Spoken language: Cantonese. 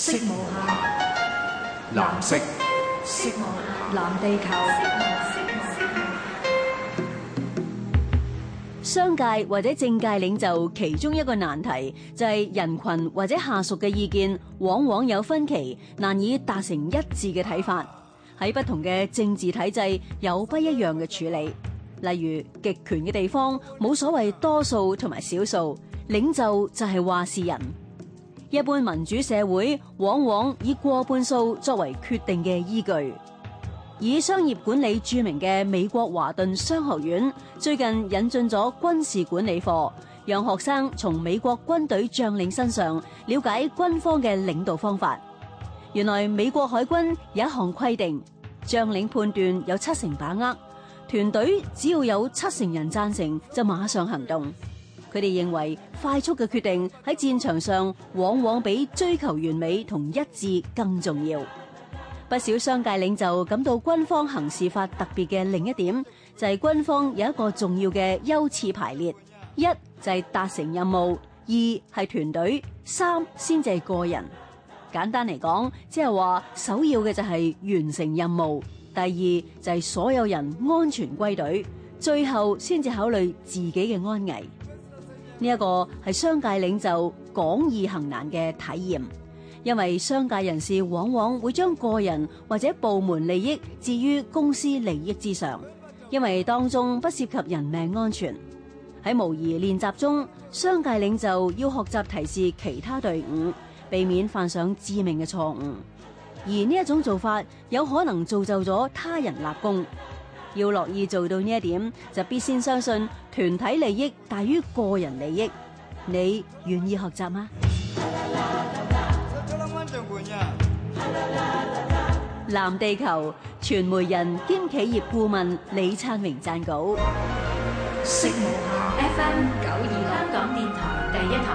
色無下藍色，色，母下藍色，色母下，藍地球。商界或者政界領袖其中一個難題就係、是、人群或者下屬嘅意見往往有分歧，難以達成一致嘅睇法。喺不同嘅政治體制有不一樣嘅處理，例如極權嘅地方冇所謂多數同埋少數，領袖就係話事人。一般民主社會往往以過半數作為決定嘅依據。以商業管理著名嘅美國華頓商學院最近引進咗軍事管理課，讓學生從美國軍隊將領身上了解軍方嘅領導方法。原來美國海軍有一項規定，將領判斷有七成把握，團隊只要有七成人贊成，就馬上行動。佢哋認為快速嘅決定喺戰場上往往比追求完美同一致更重要。不少商界領袖感到軍方行事法特別嘅另一點就係軍方有一個重要嘅優次排列，一就係達成任務，二係團隊，三先至係個人。簡單嚟講，即係話首要嘅就係完成任務，第二就係所有人安全歸隊，最後先至考慮自己嘅安危。呢一個係商界領袖講易行難嘅體驗，因為商界人士往往會將個人或者部門利益置於公司利益之上，因為當中不涉及人命安全。喺模擬練習中，商界領袖要學習提示其他隊伍，避免犯上致命嘅錯誤，而呢一種做法有可能造就咗他人立功。要樂意做到呢一點，就必先相信團體利益大於個人利益。你願意學習嗎？藍地球傳媒人兼企業顧問李燦榮撰稿。FM92 香港電台第一台,